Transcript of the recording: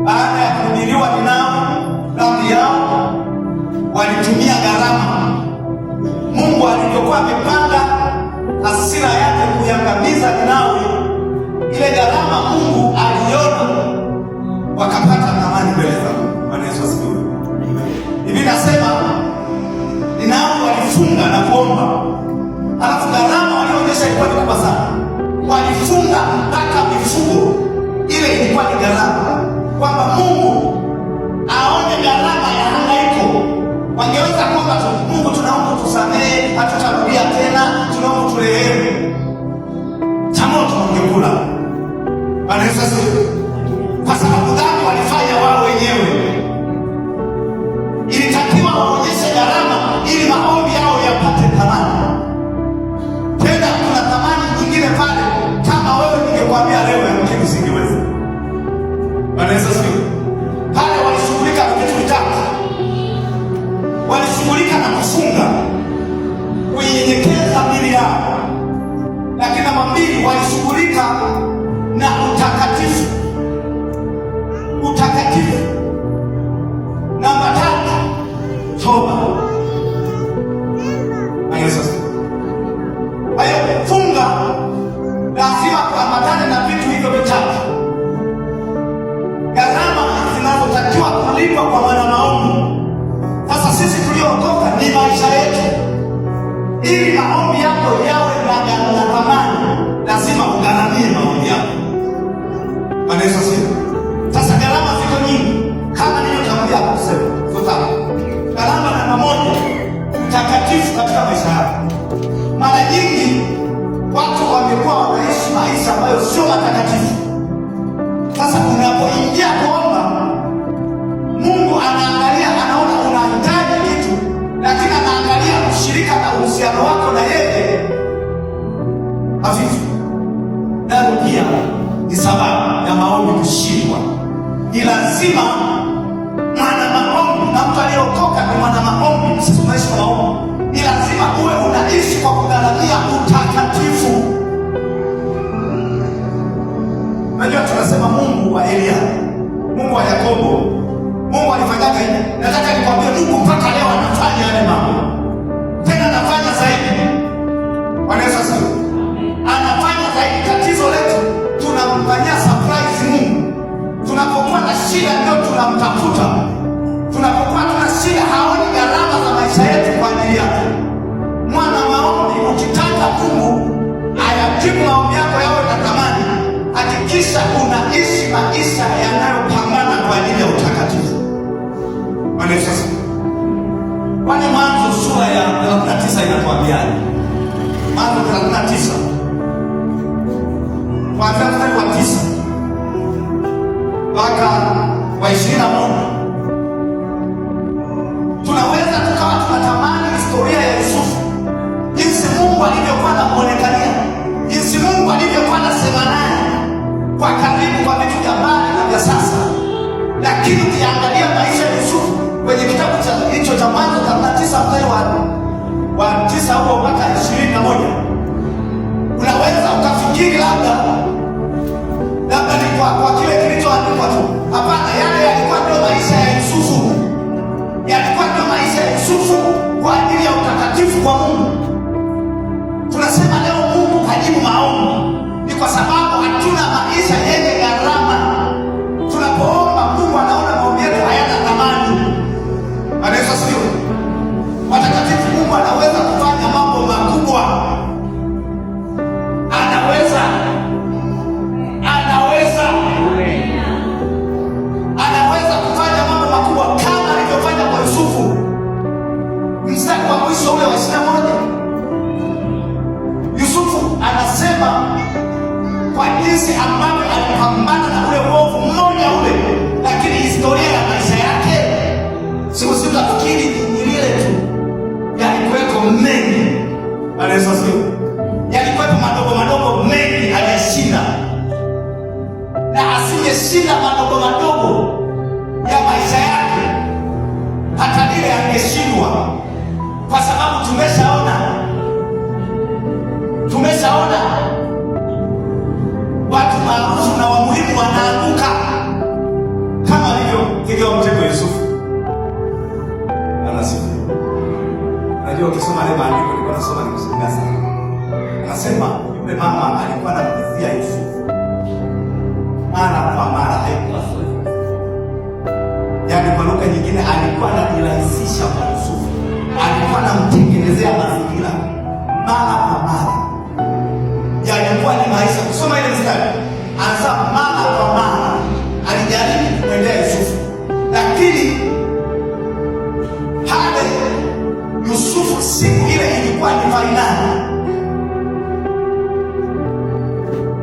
baada ya kuhubiriwa ni nao, yao walitumia gharama. Mungu alivyokuwa amepanga hasira yake kuiangamiza Ninawi, ile gharama Mungu aliona, wakapata amani mbele za Mungu. Yesu asifiwe. Hivi nasema Ninawi walifunga na kuomba, alafu gharama walionyesha ilikuwa ni kubwa sana, walifunga mpaka mifugo ile ilikuwa ni gharama kwamba Mungu aone gharama ya hangaiko. Wangeweza kwamba Mungu, tunaomba tusamehe, hatutarudia tena, tunaomba turehemu. Changamoto wangekula. Bwana Yesu asifiwe. walishughulika na kufunga, kuinyenyekeza mili yao, lakini mabili walishughulika ili maombi yako yawe magalama tunamtafuta. Tunapokuwa tuna shida, haoni gharama za maisha yetu kwa ajili yake. Mwana waoni, ukitaka Mungu ayajibu maombi yako yawe na thamani, hakikisha unaishi maisha yanayopambana kwa ajili ya utakatifu. Bwana Yesu. Kwani Mwanzo sura ya 39 inatuambiaje? Mwanzo 39 kuanzia mstari wa 9 mpaka wa ishirini na moja tunaweza tukawa tunatamani historia ya Yusufu, jinsi Mungu alivyokuwa anamwonekania, jinsi Mungu alivyokuwa anasema naye kwa karibu, kwa vitu vya mbali na vya sasa, lakini ukiangalia maisha ya Yusufu kwenye kitabu hicho cha Mwanzo tisa mstari wa tisa huko mpaka ishirini na moja unaweza ukafikiri labda ambayo alipambana na ule uovu mmoja ule, lakini historia ya maisha yake siku siku nafikiri ni lile tu. Yalikuweko mengi alesosi, yalikuwepo madogo madogo mengi aliyashinda, na asingeshinda madogo madogo ya maisha yake, hata lile angeshindwa, kwa sababu tumeshaona tumeshaona na wa muhimu wanaanguka kama alivyopigiwa mtego Yusufu. Anasema najua ukisoma ile maandiko nasoma sana. Anasema yule mama alikuwa Yusufu mara kwa mara, haikuwa yaani, kwa lugha nyingine alikuwa anajirahisisha